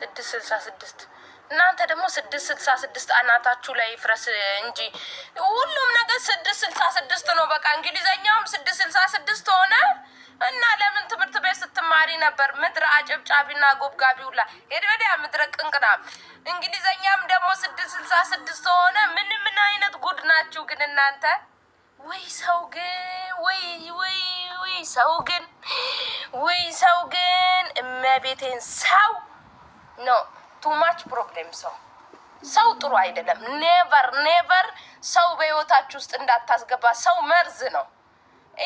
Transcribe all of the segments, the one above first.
ስድስት ስልሳ ስድስት እናንተ ደግሞ ስድስት ስልሳ ስድስት አናታችሁ ላይ ፍረስ እንጂ ሁሉም ነገር ስድስት ስልሳ ስድስት ነው። በቃ እንግሊዘኛውም ስድስት ስልሳ ስድስት ሆነ እና ለምን ትምህርት ቤት ስትማሪ ነበር? ምድረ አጨብጫቢና ጎብጋቢ ሁላ ሄድበዲያ ምድረ ቅንቅናም እንግሊዘኛም ደግሞ ስድስት ስልሳ ስድስት ሆነ። ምን ምን አይነት ጉድ ናችሁ ግን እናንተ? ወይ ሰው ግን ወይ ወይ ወይ ሰው ግን ወይ ሰው ግን እመቤቴን ሰው ኖ ቱ ማች ፕሮብሌም ሰው ሰው ጥሩ አይደለም። ኔቨር ኔቨር ሰው በህይወታችሁ ውስጥ እንዳታስገባ። ሰው መርዝ ነው።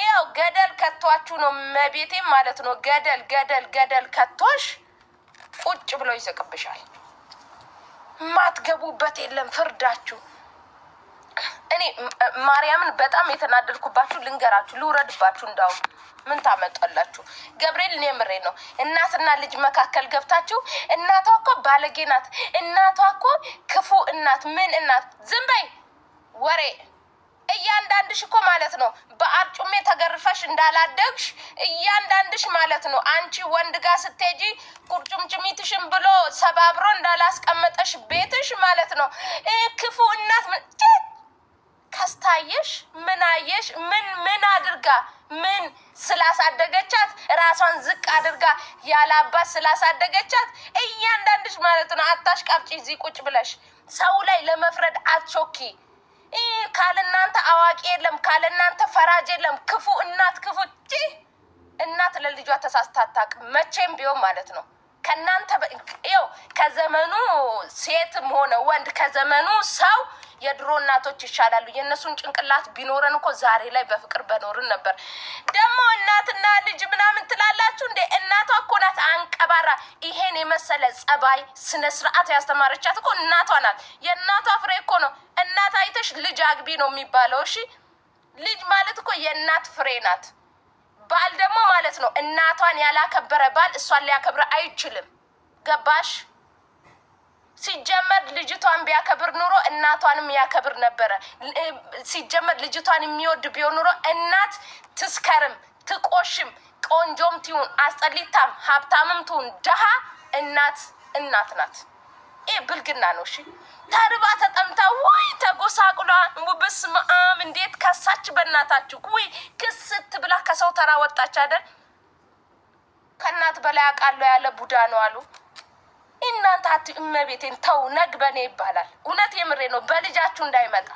ያው ገደል ከቷችሁ ነው መቤቴም ማለት ነው። ገደል ገደል ገደል ከቷሽ ቁጭ ብሎ ይዘቅብሻል ማትገቡበት የለም ፍርዳችሁ እኔ ማርያምን በጣም የተናደድኩባችሁ ልንገራችሁ፣ ልውረድባችሁ። እንዳውም ምን ታመጣላችሁ? ገብርኤል፣ እኔ ምሬ ነው። እናትና ልጅ መካከል ገብታችሁ እናቷ እኮ ባለጌ ናት፣ እናቷ እኮ ክፉ እናት፣ ምን እናት። ዝም በይ ወሬ። እያንዳንድሽ እኮ ማለት ነው በአርጩሜ ተገርፈሽ እንዳላደግሽ እያንዳንድሽ ማለት ነው አንቺ ወንድ ጋር ስትሄጂ ቁርጭምጭሚትሽን ብሎ ሰባብሮ እንዳላስቀመጠሽ ቤትሽ ማለት ነው ክፉ እናት ከስታየሽ ምን አየሽ? ምን ምን አድርጋ ምን ስላሳደገቻት ራሷን ዝቅ አድርጋ ያላባት ስላሳደገቻት እያንዳንድሽ ማለት ነው። አታሽቃብጪ፣ እዚህ ቁጭ ብለሽ ሰው ላይ ለመፍረድ አትቾኪ። ካልእናንተ አዋቂ የለም፣ ካለናንተ ፈራጅ የለም። ክፉ እናት ክፉ እናት ለልጇ ተሳስታ አታውቅም መቼም ቢሆን ማለት ነው። ከእናንተ ው ከዘመኑ ሴትም ሆነ ወንድ ከዘመኑ ሰው የድሮ እናቶች ይሻላሉ። የእነሱን ጭንቅላት ቢኖረን እኮ ዛሬ ላይ በፍቅር በኖርን ነበር። ደግሞ እናትና ልጅ ምናምን ትላላችሁ እንዴ? እናቷ እኮ ናት አንቀባራ። ይሄን የመሰለ ጸባይ፣ ስነ ስርዓት ያስተማረቻት እኮ እናቷ ናት። የእናቷ ፍሬ እኮ ነው። እናት አይተሽ ልጅ አግቢ ነው የሚባለው። እሺ ልጅ ማለት እኮ የእናት ፍሬ ናት። ባል ደግሞ ማለት ነው እናቷን ያላከበረ ባል እሷን ሊያከብረ አይችልም። ገባሽ? ሲጀመር ልጅቷን ቢያከብር ኑሮ እናቷንም ያከብር ነበረ። ሲጀመር ልጅቷን የሚወድ ቢሆን ኑሮ እናት ትስከርም፣ ትቆሽም፣ ቆንጆም ትሁን፣ አስጠሊታም፣ ሀብታምም ትሁን ድሃ እናት እናት ናት። ይህ ብልግና ነው። እሺ ተርባ ተጠምታ ወይ ተጎሳቁላ ውብስ ምአም እንዴት ከሳች? በእናታችሁ ወይ ክስት ብላ ከሰው ተራ ወጣች አይደል? ከእናት በላይ አውቃለሁ ያለ ቡዳ ነው አሉ። እናንተ አት እመቤቴን ተው፣ ነግ በኔ ይባላል። እውነት የምሬ ነው። በልጃችሁ እንዳይመጣ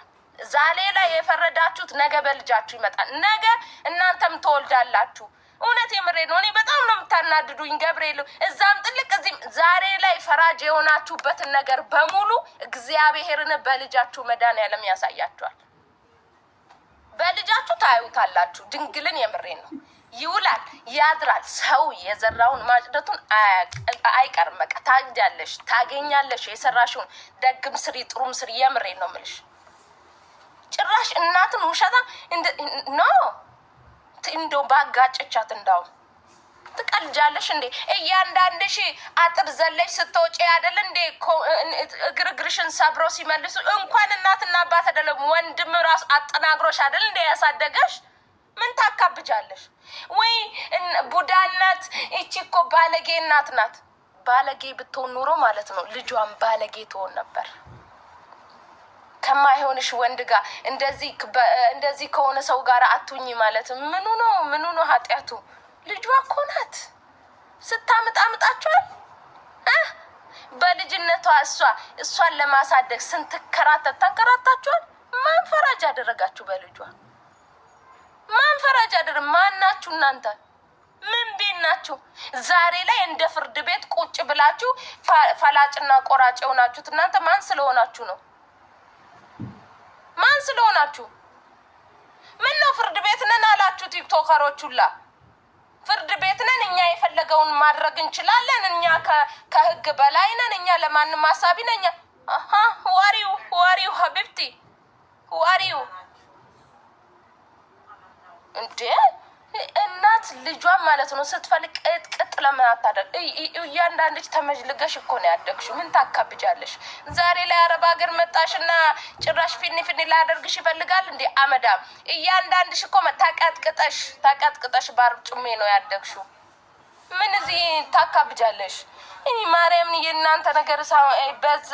ዛሌ ላይ የፈረዳችሁት ነገ በልጃችሁ ይመጣል። ነገ እናንተም ትወልዳላችሁ። እውነት የምሬ ነው። እኔ በጣም ነው የምታናድዱኝ ገብርኤል። እዛም ጥልቅ እዚህም ዛሬ ላይ ፈራጅ የሆናችሁበትን ነገር በሙሉ እግዚአብሔርን በልጃችሁ መድኃኒዓለም ያሳያችኋል። በልጃችሁ ታዩታላችሁ። ድንግልን የምሬ ነው ይውላል ያድራል። ሰው የዘራውን ማጭደቱን አይቀርም። በቃ ታግዳለሽ፣ ታገኛለሽ። የሰራሽውን ደግም ስሪ ጥሩም ስሪ። የምሬ ነው ምልሽ ጭራሽ እናትን ውሸታ ኖ እንደው ባጋጨቻት እንዳውም ትቀልጃለሽ እንዴ? እያንዳንድሽ አጥር ዘለሽ ስትወጪ አይደል እንዴ እግርግርሽን ሰብረው ሲመልሱ እንኳን እናትና አባት አይደለም ወንድም ራሱ አጠናግሮሽ አይደል እንዴ ያሳደገሽ? ምን ታካብጃለሽ? ወይ ቡዳናት እቺ እኮ ባለጌ እናት ናት። ባለጌ ብትሆን ኑሮ ማለት ነው ልጇን ባለጌ ትሆን ነበር። ከማይሆንሽ ወንድ ጋር እንደዚህ ከሆነ ሰው ጋር አትሁኝ ማለት ምኑ ነው? ምኑ ነው ኃጢአቱ? ልጇ እኮ ናት። ስታምጣምጣችኋል በልጅነቷ እሷ እሷን ለማሳደግ ስንትከራተት ተንከራታችኋል። ማን ፈራጅ አደረጋችሁ? በልጇ ማን ፈራጅ አደረ? ማን ናችሁ እናንተ? ምን ቤት ናችሁ? ዛሬ ላይ እንደ ፍርድ ቤት ቁጭ ብላችሁ ፈላጭና ቆራጭ የሆናችሁት እናንተ ማን ስለሆናችሁ ነው? ማን ስለሆናችሁ ምን ነው ፍርድ ቤት ነን አላችሁ? ቲክቶከሮች ሁላ ፍርድ ቤት ነን፣ እኛ የፈለገውን ማድረግ እንችላለን፣ እኛ ከህግ በላይ ነን፣ እኛ ለማንም አሳቢ ነኛ። ዋሪው ዋሪው ሀቢብቲ ዋሪው እንዴ እናት ልጇን ማለት ነው ስትፈልግ ቅጥ ለምን አታደርግ? እያንዳንድች ተመልገሽ እኮ ነው ያደግሽ። ምን ታካብጃለሽ? ዛሬ ላይ አረብ ሀገር መጣሽና ጭራሽ ፊኒ ፊኒ ላደርግሽ ይፈልጋል እንዴ? አመዳም እያንዳንድሽ እኮ ተቀጥቅጠሽ ተቀጥቅጠሽ ባር ጭሜ ነው ያደግሹ። ምን እዚህ ታካብጃለሽ? እኔ ማርያምን የእናንተ ነገር በዛ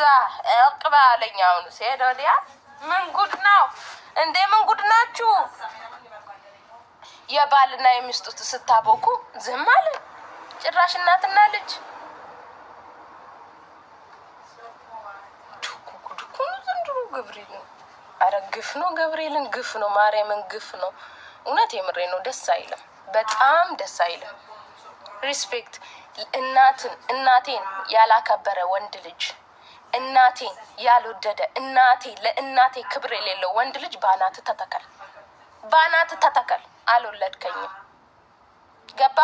እቅበ አለኝ። አሁን ሲሄድ ወዲያ ምን ጉድ ነው እንዴ? ምን ጉድ ናችሁ? የባልና የሚስጡት ስታቦኩ ዝም አለ። ጭራሽ እናትና ልጅ ዱኩ ዘንድሮ ገብርኤል አረ ግፍ ነው፣ ገብርኤልን ግፍ ነው፣ ማርያምን ግፍ ነው። እውነት የምሬ ነው። ደስ አይልም፣ በጣም ደስ አይልም። ሪስፔክት እናትን እናቴን ያላከበረ ወንድ ልጅ እናቴን ያልወደደ እናቴ ለእናቴ ክብር የሌለው ወንድ ልጅ በአናት ተተከል። ባናት ተተከል አልወለድከኝም። ገባ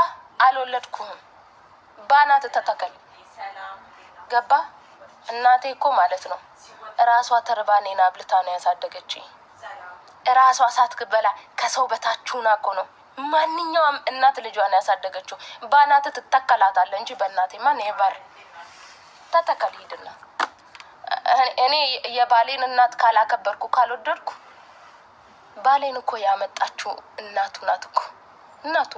አልወለድኩህም። ባናት ተተከል ገባ። እናቴ እኮ ማለት ነው እራሷ ተርባ እኔን አብልታ ነው ያሳደገችኝ። እራሷ ሳትበላ ከሰው በታች ሆና እኮ ነው ማንኛውም እናት ልጇን ያሳደገችው። ባናት ትተከላታለ እንጂ በእናቴ ማን የባር ተተከል ሂድና እኔ የባሌን እናት ካላከበርኩ ካልወደድኩ ባሌን እኮ ያመጣችው እናቱ ናት እኮ እናቱ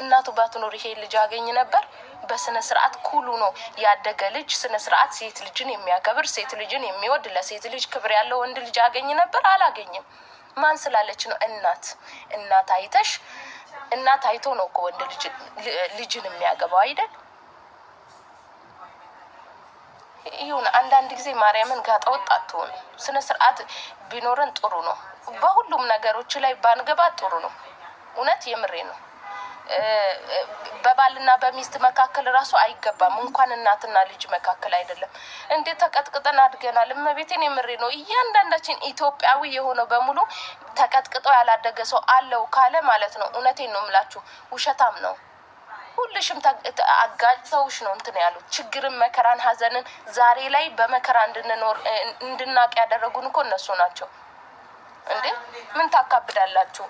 እናቱ ባትኖር ይሄ ልጅ ያገኝ ነበር። በስነ ስርዓት ኩሉ ነው ያደገ ልጅ ስነ ስርዓት ሴት ልጅን የሚያከብር ሴት ልጅን የሚወድ ለሴት ልጅ ክብር ያለው ወንድ ልጅ ያገኝ ነበር። አላገኝም። ማን ስላለች ነው? እናት እናት አይተሽ እናት አይቶ ነው እኮ ወንድ ልጅን የሚያገባው አይደል? ይሁን አንዳንድ ጊዜ ማርያምን ጋጠወጥ አትሆን። ስነ ስርዓት ቢኖረን ጥሩ ነው። በሁሉም ነገሮች ላይ ባንገባ ጥሩ ነው። እውነት የምሬ ነው። በባልና በሚስት መካከል ራሱ አይገባም፣ እንኳን እናትና ልጅ መካከል አይደለም። እንዴት ተቀጥቅጠን አድገናል። እመቤቴን የምሬ ነው። እያንዳንዳችን ኢትዮጵያዊ የሆነው በሙሉ ተቀጥቅጠው ያላደገ ሰው አለው ካለ ማለት ነው። እውነቴን ነው የምላችሁ፣ ውሸታም ነው። ሁልሽም አጋጭተውሽ ነው እንትን ያሉት ችግርን፣ መከራን፣ ሀዘንን ዛሬ ላይ በመከራ እንድንኖር እንድናቅ ያደረጉን እኮ እነሱ ናቸው። እንዴ ምን ታካብዳላችሁ?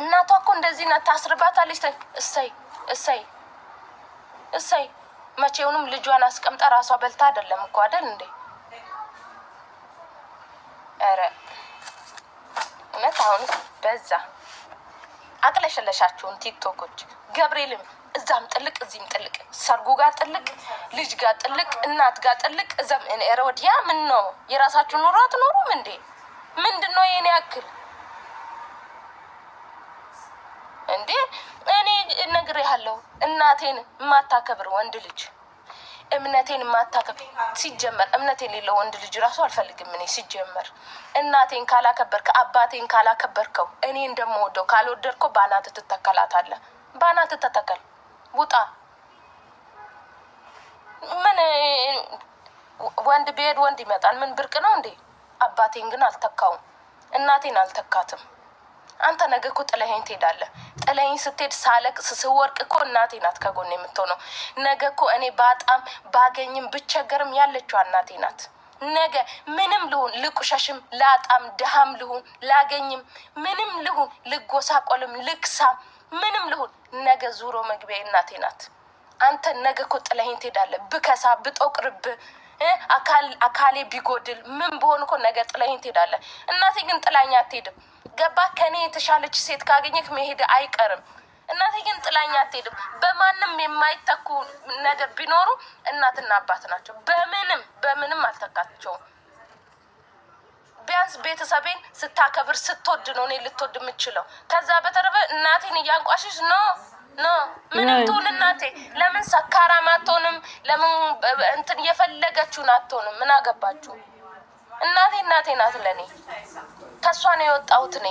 እናቷ እኮ እንደዚህ ናት። ታስርባታለች። እሰይ እሰይ እሰይ። መቼውንም ልጇን አስቀምጣ ራሷ በልታ አይደለም እኮ አይደል እንዴ? ኧረ እውነት አሁን በዛ አቅለሸለሻቸውን ቲክቶኮች ገብርኤልም እዛም ጥልቅ እዚህም ጥልቅ ሰርጉ ጋር ጥልቅ ልጅ ጋር ጥልቅ እናት ጋር ጥልቅ እዛም ወዲያ ምን ነው የራሳችሁ ኑሮ አትኖሩም እንዴ? ምንድን ነው ይህን ያክል እንዴ? እኔ ነግሬሃለሁ፣ እናቴን የማታከብር ወንድ ልጅ እምነቴን ማታከብ ሲጀመር እምነት የሌለው ወንድ ልጅ ራሱ አልፈልግም። እኔ ሲጀመር እናቴን ካላከበርከ አባቴን ካላከበርከው እኔ እንደምወደው ካልወደድከው በአናት ትተከላታለ በአናት ትተከል ውጣ። ምን ወንድ ቢሄድ ወንድ ይመጣል። ምን ብርቅ ነው እንዴ? አባቴን ግን አልተካውም። እናቴን አልተካትም። አንተ ነገ እኮ ጥለኸኝ ትሄዳለህ። ጥለኸኝ ስትሄድ ሳለቅስ ስወርቅ እኮ እናቴ ናት ከጎን የምትሆነው። ነገ እኮ እኔ በጣም ባገኝም ብቸገርም ያለችው እናቴ ናት። ነገ ምንም ልሁን ልቁሸሽም፣ ላጣም፣ ድሃም ልሁን ላገኝም፣ ምንም ልሁን ልጎሳቆልም፣ ልክሳም፣ ምንም ልሁን ነገ ዙሮ መግቢያ እናቴ ናት። አንተ ነገ እኮ ጥለኸኝ ትሄዳለህ። ብከሳ ብጦቅርብ አካሌ ቢጎድል ምን በሆን እኮ ነገር ጥለኝ ትሄዳለህ። እናቴ ግን ጥላኝ አትሄድም። ገባ ከኔ የተሻለች ሴት ካገኘህ መሄድ አይቀርም። እናቴ ግን ጥላኝ አትሄድም። በማንም የማይተኩ ነገር ቢኖሩ እናትና አባት ናቸው። በምንም በምንም አልተካቸውም። ቢያንስ ቤተሰቤን ስታከብር ስትወድ ነው እኔ ልትወድ የምችለው። ከዛ በተረፈ እናቴን እያንቋሽሽ ነው ምንም ትሁን እናቴ፣ ለምን ሰካራም አትሆንም? ለምን እንትን የፈለገችውን አትሆንም? ምን አገባችሁ? እናቴ እናቴ ናት ለእኔ። ከእሷ ነው የወጣሁት እኔ።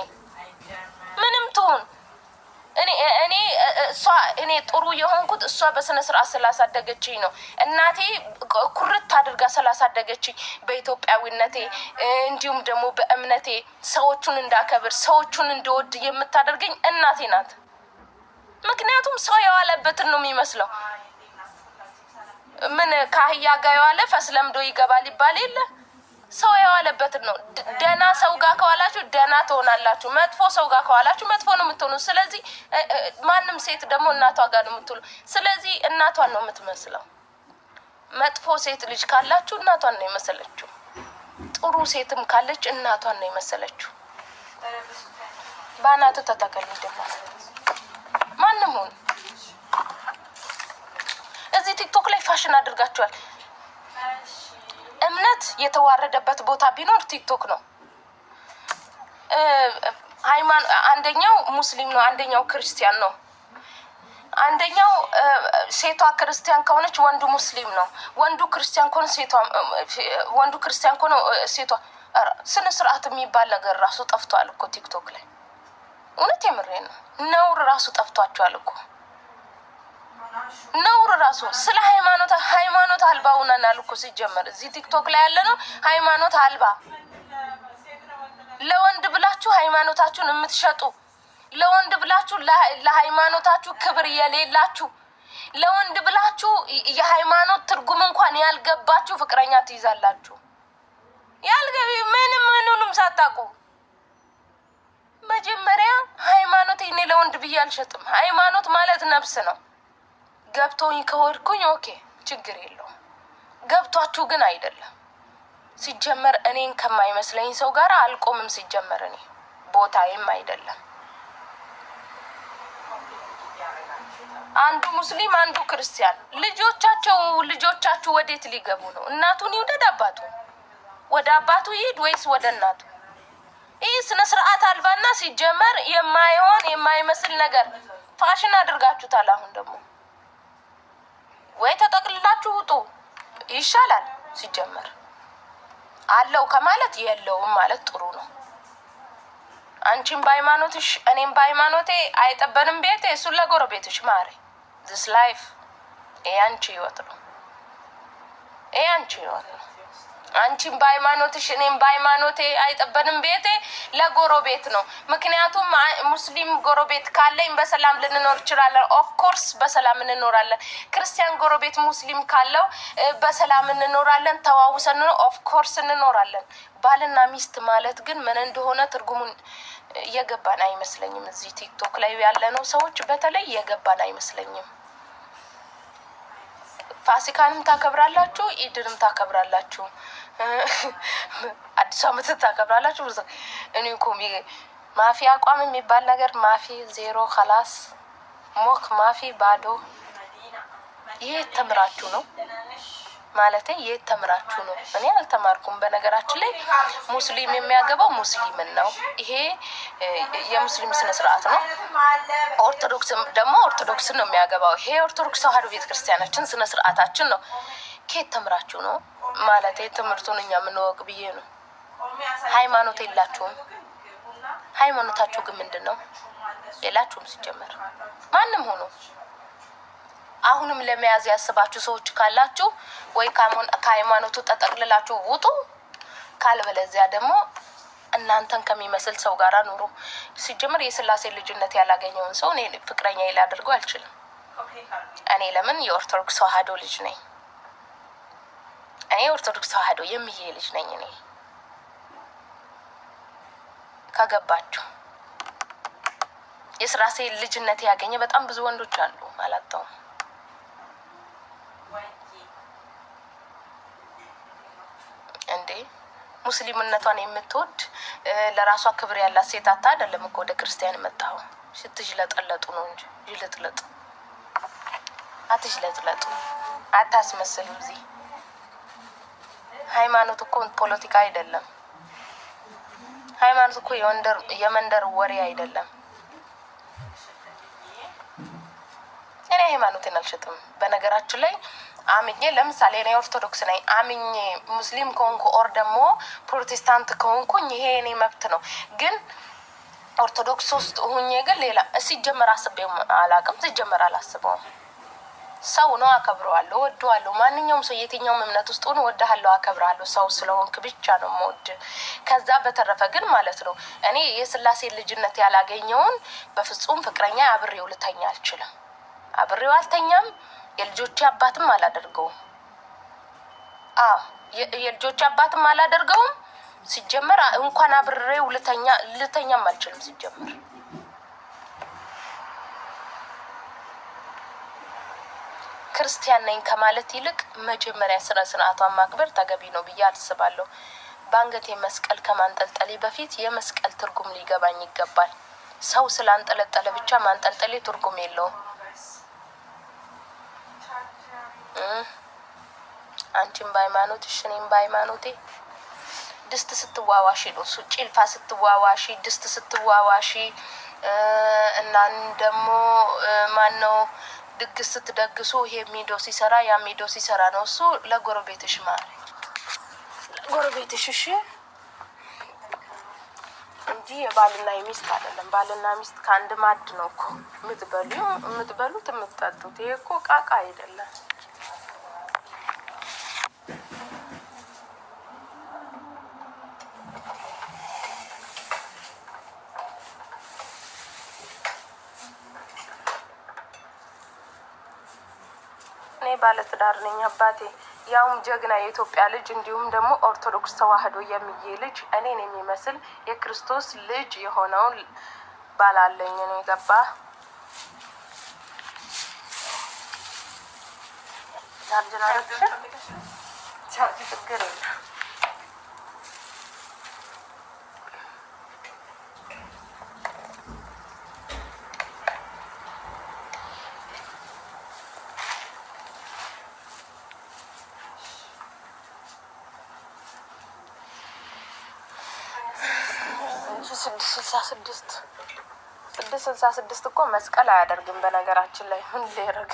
ምንም ትሁን እኔ እኔ እሷ እኔ ጥሩ የሆንኩት እሷ በስነ ስርዓት ስላሳደገችኝ ነው። እናቴ ኩርት አድርጋ ስላሳደገችኝ በኢትዮጵያዊነቴ እንዲሁም ደግሞ በእምነቴ ሰዎቹን እንዳከብር ሰዎቹን እንደወድ የምታደርገኝ እናቴ ናት። ምክንያቱም ሰው የዋለበትን ነው የሚመስለው። ምን ከአህያ ጋር የዋለ ፈስ ለምዶ ይገባል ይባል የለ ሰው የዋለበትን ነው። ደና ሰው ጋር ከዋላችሁ ደና ትሆናላችሁ፣ መጥፎ ሰው ጋር ከዋላችሁ መጥፎ ነው የምትሆኑ። ስለዚህ ማንም ሴት ደግሞ እናቷ ጋር ነው የምትውሉ። ስለዚህ እናቷን ነው የምትመስለው። መጥፎ ሴት ልጅ ካላችሁ እናቷን ነው የመሰለችው። ጥሩ ሴትም ካለች እናቷን ነው የመሰለችው። በአናቱ ተተከል ደግሞ ፋሽን አድርጋችኋል። እምነት የተዋረደበት ቦታ ቢኖር ቲክቶክ ነው። አንደኛው ሙስሊም ነው፣ አንደኛው ክርስቲያን ነው። አንደኛው ሴቷ ክርስቲያን ከሆነች ወንዱ ሙስሊም ነው። ወንዱ ክርስቲያን ከሆነ ሴቷ ወንዱ ክርስቲያን ከሆነ ሴቷ ስነ ስርዓት የሚባል ነገር ራሱ ጠፍቷል እኮ ቲክቶክ ላይ እውነት የምሬ ነው። ነውር ራሱ ጠፍቷቸዋል እኮ ነውር ራሱ ስለ ሃይማኖት ሃይማኖት አልባ ሆነናል እኮ ሲጀመር እዚህ ቲክቶክ ላይ ያለ ነው ሃይማኖት አልባ ለወንድ ብላችሁ ሃይማኖታችሁን የምትሸጡ ለወንድ ብላችሁ ለሃይማኖታችሁ ክብር የሌላችሁ ለወንድ ብላችሁ የሃይማኖት ትርጉም እንኳን ያልገባችሁ ፍቅረኛ ትይዛላችሁ። ያልገቢ ምንም ምኑንም ሳታውቁ መጀመሪያ ሃይማኖት እኔ ለወንድ ብዬ አልሸጥም። ሃይማኖት ማለት ነፍስ ነው። ገብቶኝ ከወድኩኝ ኦኬ ችግር የለውም። ገብቷችሁ ግን አይደለም። ሲጀመር እኔን ከማይመስለኝ ሰው ጋር አልቆምም። ሲጀመር እኔ ቦታዬም አይደለም። አንዱ ሙስሊም አንዱ ክርስቲያን፣ ልጆቻቸው ልጆቻችሁ ወዴት ሊገቡ ነው? እናቱን ይውደድ አባቱ ወደ አባቱ ይሂድ ወይስ ወደ እናቱ? ይህ ስነ ስርዓት አልባና ሲጀመር የማይሆን የማይመስል ነገር ፋሽን አድርጋችሁታል። አሁን ደግሞ ወይ ተጠቅልላችሁ ውጡ ይሻላል። ሲጀመር አለው ከማለት የለውም ማለት ጥሩ ነው። አንቺም በሃይማኖትሽ እኔም በሃይማኖቴ አይጠበንም። ቤቴ እሱን ለጎረቤትሽ ማሪ ዚስ ላይፍ ይሄ አንቺ ህይወት ነው። ይሄ አንቺ ህይወት ነው። አንቺም በሃይማኖትሽ እኔም በሃይማኖቴ አይጠበንም። ቤቴ ለጎረቤት ነው። ምክንያቱም ሙስሊም ጎረቤት ካለኝ በሰላም ልንኖር ይችላለን። ኦፍኮርስ በሰላም እንኖራለን። ክርስቲያን ጎረቤት ሙስሊም ካለው በሰላም እንኖራለን። ተዋውሰን ነው ኦፍኮርስ እንኖራለን። ባልና ሚስት ማለት ግን ምን እንደሆነ ትርጉሙን እየገባን አይመስለኝም። እዚህ ቲክቶክ ላይ ያለነው ሰዎች በተለይ እየገባን አይመስለኝም። ፋሲካንም ታከብራላችሁ፣ ኢድንም ታከብራላችሁ፣ አዲስ አመት ታከብራላችሁ። እኔ እኮ ማፊ አቋም የሚባል ነገር ማፊ ዜሮ ከላስ ሞክ ማፊ ባዶ ይሄ ተምራችሁ ነው። ማለት የት ተምራችሁ ነው? እኔ አልተማርኩም። በነገራችን ላይ ሙስሊም የሚያገባው ሙስሊምን ነው። ይሄ የሙስሊም ስነ ስርዓት ነው። ኦርቶዶክስ ደግሞ ኦርቶዶክስን ነው የሚያገባው። ይሄ ኦርቶዶክስ ተዋህዶ ቤተክርስቲያናችን ስነ ስርዓታችን ነው። ከየት ተምራችሁ ነው? ማለት ትምህርቱን እኛ የምንወቅ ብዬ ነው። ሃይማኖት የላችሁም። ሃይማኖታችሁ ግን ምንድን ነው? የላችሁም ሲጀመር ማንም ሆኖ አሁንም ለመያዝ ያስባችሁ ሰዎች ካላችሁ ወይ ከሃይማኖቱ ተጠቅልላችሁ ውጡ፣ ካልበለዚያ ደግሞ እናንተን ከሚመስል ሰው ጋር ኑሩ። ሲጀምር የስላሴ ልጅነት ያላገኘውን ሰው እኔ ፍቅረኛ ላደርገው አልችልም። እኔ ለምን የኦርቶዶክስ ተዋህዶ ልጅ ነኝ። እኔ ኦርቶዶክስ ተዋህዶ የሚሄ ልጅ ነኝ። እኔ ከገባችሁ የስላሴ ልጅነት ያገኘ በጣም ብዙ ወንዶች አሉ አላጣውም። እንዴ? ሙስሊምነቷን የምትወድ ለራሷ ክብር ያላት ሴት አታ አደለም እኮ ወደ ክርስቲያን መጣሁ። ስትጅለጠለጡ ነው እንጂ ይልጥለጡ አትጅለጥለጡ፣ አታስመስሉ። እዚህ ሃይማኖት እኮ ፖለቲካ አይደለም። ሃይማኖት እኮ የመንደር ወሬ አይደለም። እኔ ሃይማኖቴን አልሸጥም በነገራችን ላይ አምኜ ለምሳሌ እኔ ኦርቶዶክስ ነኝ አምኜ ሙስሊም ከሆንኩ ኦር ደግሞ ፕሮቴስታንት ከሆንኩኝ ይሄ እኔ መብት ነው ግን ኦርቶዶክስ ውስጥ ሁኜ ግን ሌላ ሲጀመር አስቤው አላቅም ሲጀመር አላስበውም። ሰው ነው፣ አከብረዋለሁ፣ ወደዋለሁ ማንኛውም ሰው የትኛውም እምነት ውስጥ ሆን ወደሃለሁ አከብረዋለሁ። ሰው ስለሆንክ ብቻ ነው መወድ። ከዛ በተረፈ ግን ማለት ነው እኔ የስላሴ ልጅነት ያላገኘውን በፍጹም ፍቅረኛ አብሬው ልተኛ አልችልም። አብሬው አልተኛም። የልጆች አባትም አላደርገውም። አ አባትም አላደርገውም። ሲጀመር እንኳን አብሬ ልተኛ ልተኛም አልችልም። ሲጀመር ክርስቲያን ነኝ ከማለት ይልቅ መጀመሪያ ስነ ስርዓቷን ማክበር ተገቢ ነው ብዬ አስባለሁ። በአንገቴ መስቀል ከማንጠልጠሌ በፊት የመስቀል ትርጉም ሊገባኝ ይገባል። ሰው ስላንጠለጠለ ብቻ ማንጠልጠሌ ትርጉም የለውም። አንቺም በሃይማኖትሽ እኔም በሃይማኖቴ ድስት ስትዋዋሺ ነው እሱ ጭልፋ ስትዋዋሺ ድስት ስትዋዋሺ እናን ደግሞ ማነው ድግስ ስትደግሱ ይሄ ሚዶ ሲሰራ ያ ሚዶ ሲሰራ ነው እሱ ለጎረቤትሽ ማሪ ለጎረቤትሽ እሺ እንጂ የባልና የሚስት አይደለም። ባልና ሚስት ከአንድ ማድ ነው እኮ የምትበሉ የምትበሉት የምትጠጡት። ይሄ እኮ ቃቃ አይደለም። እኔ ባለትዳር ነኝ አባቴ፣ ያውም ጀግና የኢትዮጵያ ልጅ እንዲሁም ደግሞ ኦርቶዶክስ ተዋህዶ የሚዬ ልጅ እኔን የሚመስል የክርስቶስ ልጅ የሆነውን ባላለኝ ነው የገባ ቻርጅ የለ ስድስት ስልሳ ስድስት ስድስት ስልሳ ስድስት እኮ መስቀል አያደርግም። በነገራችን ላይ ምን ሊያደርግ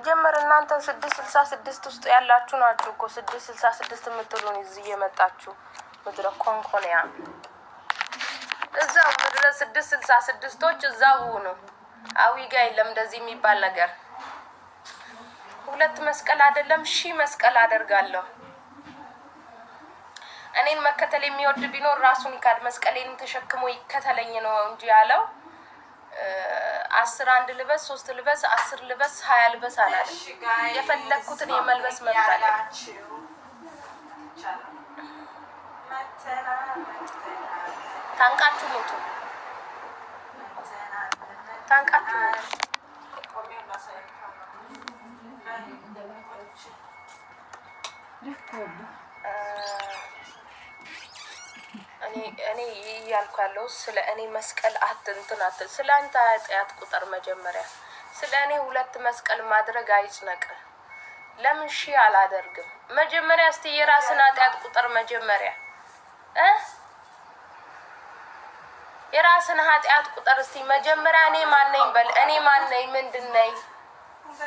ሲጀመር እናንተ ስድስት ስልሳ ስድስት ውስጥ ያላችሁ ናችሁ እኮ ስድስት ስልሳ ስድስት የምትሉን እዚህ እየመጣችሁ ምድረ ኮንኮንያ እዛው ምድረ ስድስት ስልሳ ስድስቶች እዛው ነው። አዊ ጋ የለም እንደዚህ የሚባል ነገር። ሁለት መስቀል አይደለም ሺህ መስቀል አደርጋለሁ። እኔን መከተል የሚወድ ቢኖር ራሱን ይካድ መስቀሌን ተሸክሞ ይከተለኝ ነው እንጂ ያለው አስር አንድ ልበስ ሶስት ልበስ አስር ልበስ ሀያ ልበስ አላለም። የፈለግኩትን የመልበስ መብት አለ። ታንቃችሁ ሞቱ፣ ታንቃችሁ ሞቱ። እኔ እያልኩ ያለው ስለ እኔ መስቀል አትንትን አት ስለ አንተ ኃጢአት ቁጥር መጀመሪያ ስለ እኔ ሁለት መስቀል ማድረግ አይጭነቅ። ለምን ሺ አላደርግም? መጀመሪያ እስቲ የራስን ኃጢአት ቁጥር መጀመሪያ የራስን ኃጢአት ቁጥር እስቲ መጀመሪያ እኔ ማነኝ በል። እኔ ማነኝ ምንድን ነኝ?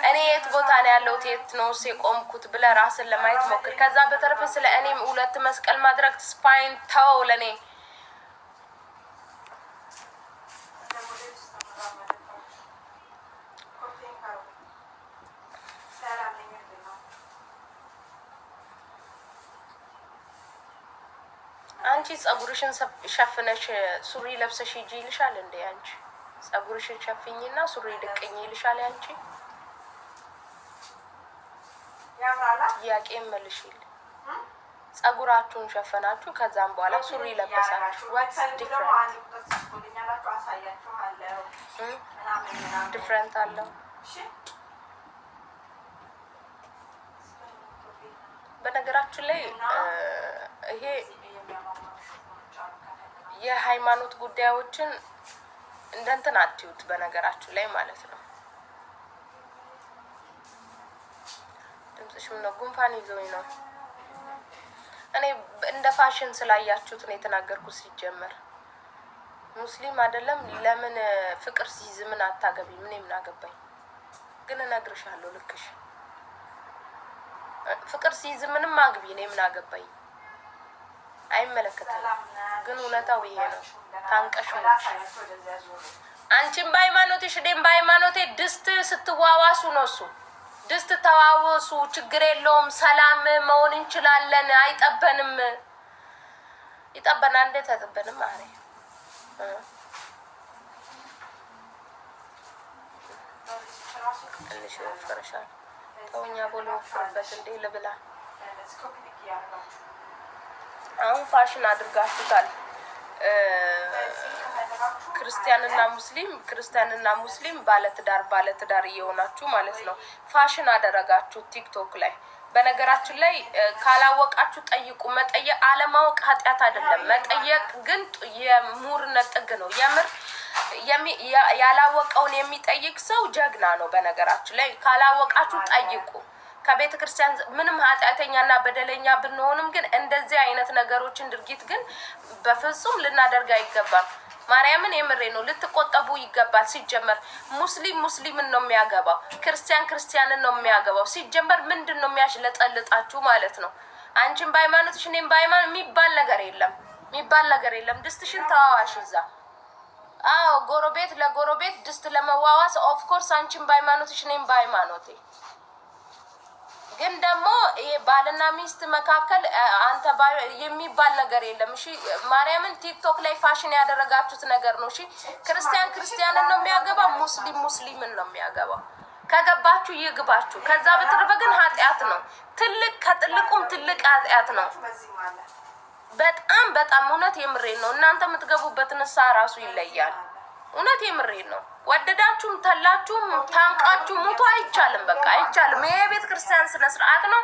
እኔ የት ቦታ ነው ያለሁት፣ የት ነው የቆምኩት ብለ ራስን ለማየት ሞክር። ከዛ በተረፈ ስለ እኔም ሁለት መስቀል ማድረግ ስፓይን ተወው። ለእኔ አንቺ ጸጉርሽን ሸፍነሽ ሱሪ ለብሰሽ ሂጂ ይልሻል እንዴ? አንቺ ጸጉርሽን ሸፍኝና ሱሪ ድቅኝ ይልሻል አንቺ ጥያቄ መልሽል ጸጉራችሁን ሸፈናችሁ ከዛም በኋላ ሱሪ ለበሳችሁ። ዲፍረንት አለው? በነገራችን ላይ ይሄ የሃይማኖት ጉዳዮችን እንደንትን አትዩት፣ በነገራችን ላይ ማለት ነው ድምፅሽም ነው። ጉንፋን ይዞኝ ነው። እኔ እንደ ፋሽን ስላያችሁት ነው የተናገርኩት። ሲጀመር ሙስሊም አይደለም። ለምን ፍቅር ሲይዝ ምን አታገቢ? ምን ምን አገባኝ? ግን እነግርሻለሁ፣ ልክሽ። ፍቅር ሲይዝ ምንም አግቢ፣ እኔ ምን አገባኝ? አይመለከትም። ግን እውነታው ይሄ ነው። ታንቀሽ አንቺም በሃይማኖቴ ሽዴም በሃይማኖቴ ድስት ስትዋዋሱ ነው እሱ ድስት ተዋወሱ፣ ችግር የለውም፣ ሰላም መሆን እንችላለን፣ አይጠበንም። ይጠበናል፣ እንዴት አይጠበንም? አሬ ትንሽ ወፈርሻል። ተውኛ ወፍርበት እንዴ ልብላ። አሁን ፋሽን አድርጋችሁታል። ክርስቲያንና ሙስሊም ክርስቲያንና ሙስሊም ባለትዳር ባለትዳር እየሆናችሁ ማለት ነው። ፋሽን አደረጋችሁ ቲክቶክ ላይ። በነገራችን ላይ ካላወቃችሁ ጠይቁ። መጠየቅ አለማወቅ ኃጢአት አይደለም። መጠየቅ ግን የምሁርነት ጥግ ነው። የምር ያላወቀውን የሚጠይቅ ሰው ጀግና ነው። በነገራችን ላይ ካላወቃችሁ ጠይቁ። ከቤተ ክርስቲያን ምንም ኃጢአተኛና በደለኛ ብንሆንም ግን እንደዚህ አይነት ነገሮችን ድርጊት ግን በፍጹም ልናደርግ አይገባም። ማርያምን የምሬ ነው። ልትቆጠቡ ይገባል። ሲጀመር ሙስሊም ሙስሊምን ነው የሚያገባው፣ ክርስቲያን ክርስቲያንን ነው የሚያገባው። ሲጀመር ምንድን ነው የሚያሽለጠልጣችሁ ማለት ነው? አንቺን በሃይማኖትሽ እኔም በሃይማኖት የሚባል ነገር የለም፣ የሚባል ነገር የለም። ድስትሽን ተዋዋሽ እዛ። አዎ ጎረቤት ለጎረቤት ድስት ለመዋዋስ ኦፍኮርስ፣ አንቺን በሃይማኖትሽ እኔም በሃይማኖቴ ግን ደግሞ ባልና ሚስት መካከል አንተ የሚባል ነገር የለም። እሺ ማርያምን ቲክቶክ ላይ ፋሽን ያደረጋችሁት ነገር ነው። እሺ ክርስቲያን ክርስቲያንን ነው የሚያገባ፣ ሙስሊም ሙስሊምን ነው የሚያገባ። ከገባችሁ ይግባችሁ። ከዛ በተረፈ ግን ኃጢአት ነው ትልቅ ከጥልቁም ትልቅ ኃጢአት ነው። በጣም በጣም እውነት የምሬን ነው። እናንተ የምትገቡበት ንሳ ራሱ ይለያል። እውነት የምሬን ነው። ወደዳችሁም ተላችሁም ታንቃችሁ ሙቶ አይቻልም። በቃ አይቻልም። ይሄ የቤተ ክርስቲያን ስነ ስርዓት ነው።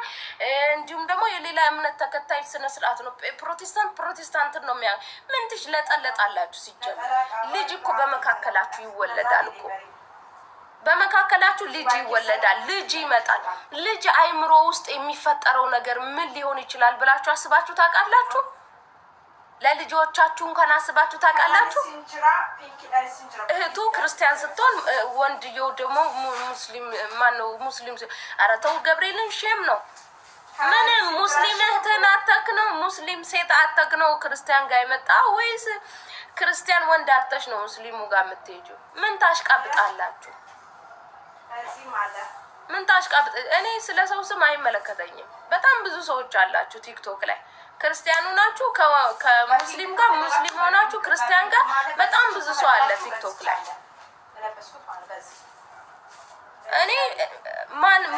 እንዲሁም ደግሞ የሌላ እምነት ተከታይ ስነ ስርዓት ነው። ፕሮቴስታንት ፕሮቴስታንትን ነው የሚያ ምን ለጠለጣላችሁ? ሲጀምር ልጅ እኮ በመካከላችሁ ይወለዳል እኮ በመካከላችሁ ልጅ ይወለዳል፣ ልጅ ይመጣል። ልጅ አይምሮ ውስጥ የሚፈጠረው ነገር ምን ሊሆን ይችላል ብላችሁ አስባችሁ ታውቃላችሁ? ለልጆቻችሁ እንኳን አስባችሁ ታውቃላችሁ? እህቱ ክርስቲያን ስትሆን ወንድየው ደግሞ ሙስሊም ማነው? ሙስሊም ኧረ ተው ገብርኤልን ሼም ነው። ምንም ሙስሊም እህትህን አተክ ነው ሙስሊም ሴት አተክ ነው ክርስቲያን ጋር የመጣ ወይስ ክርስቲያን ወንድ አተሽ ነው ሙስሊሙ ጋር የምትሄጂው? ምን ታሽቃብጣላችሁ? ምን ታሽቃብጥ? እኔ ስለ ሰው ስም አይመለከተኝም። በጣም ብዙ ሰዎች አላችሁ ቲክቶክ ላይ ክርስቲያኑ ናችሁ ከሙስሊም ጋር ሙስሊም ሆናችሁ ክርስቲያን ጋር በጣም ብዙ ሰው አለ ቲክቶክ ላይ። እኔ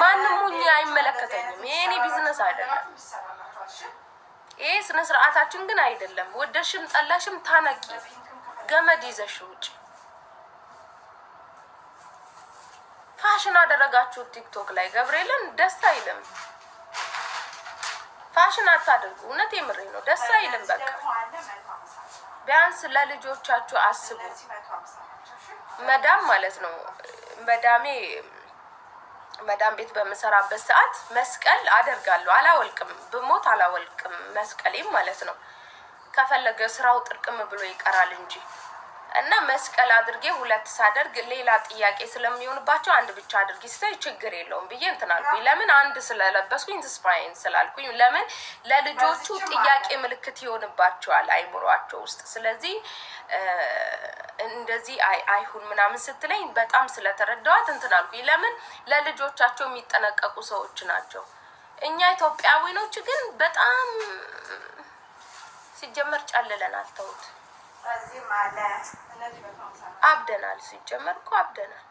ማንም ሁኝ አይመለከተኝም። ይሄ እኔ ቢዝነስ አይደለም። ይሄ ስነ ስርዓታችን ግን አይደለም። ወደሽም ጠላሽም ታነቂ ገመድ ይዘሽ ውጭ። ፋሽን አደረጋችሁት ቲክቶክ ላይ ገብርኤልን ደስ አይልም። ፋሽን አታድርጉ። እውነት የምሬ ነው። ደስ አይልም። በቃ ቢያንስ ለልጆቻችሁ አስቡ። መዳም ማለት ነው። መዳሜ መዳም ቤት በምሰራበት ሰዓት መስቀል አደርጋለሁ። አላወልቅም፣ ብሞት አላወልቅም መስቀሌም ማለት ነው። ከፈለገ ስራው ጥርቅም ብሎ ይቀራል እንጂ እና መስቀል አድርጌ ሁለት ሳደርግ ሌላ ጥያቄ ስለሚሆንባቸው አንድ ብቻ አድርጊ ስታይ ችግር የለውም ብዬ እንትን አልኩኝ። ለምን አንድ ስለለበስኩኝ ተስፋዬን ስላልኩኝ ለምን ለልጆቹ ጥያቄ ምልክት ይሆንባቸዋል አይምሯቸው ውስጥ። ስለዚህ እንደዚህ አይሁን ምናምን ስትለኝ በጣም ስለተረዳዋት እንትን አልኩኝ። ለምን ለልጆቻቸው የሚጠነቀቁ ሰዎች ናቸው። እኛ ኢትዮጵያዊኖች ግን በጣም ሲጀመር ጨልለናል። ተውት። አብደናል። ሲጀመር እኮ አብደናል።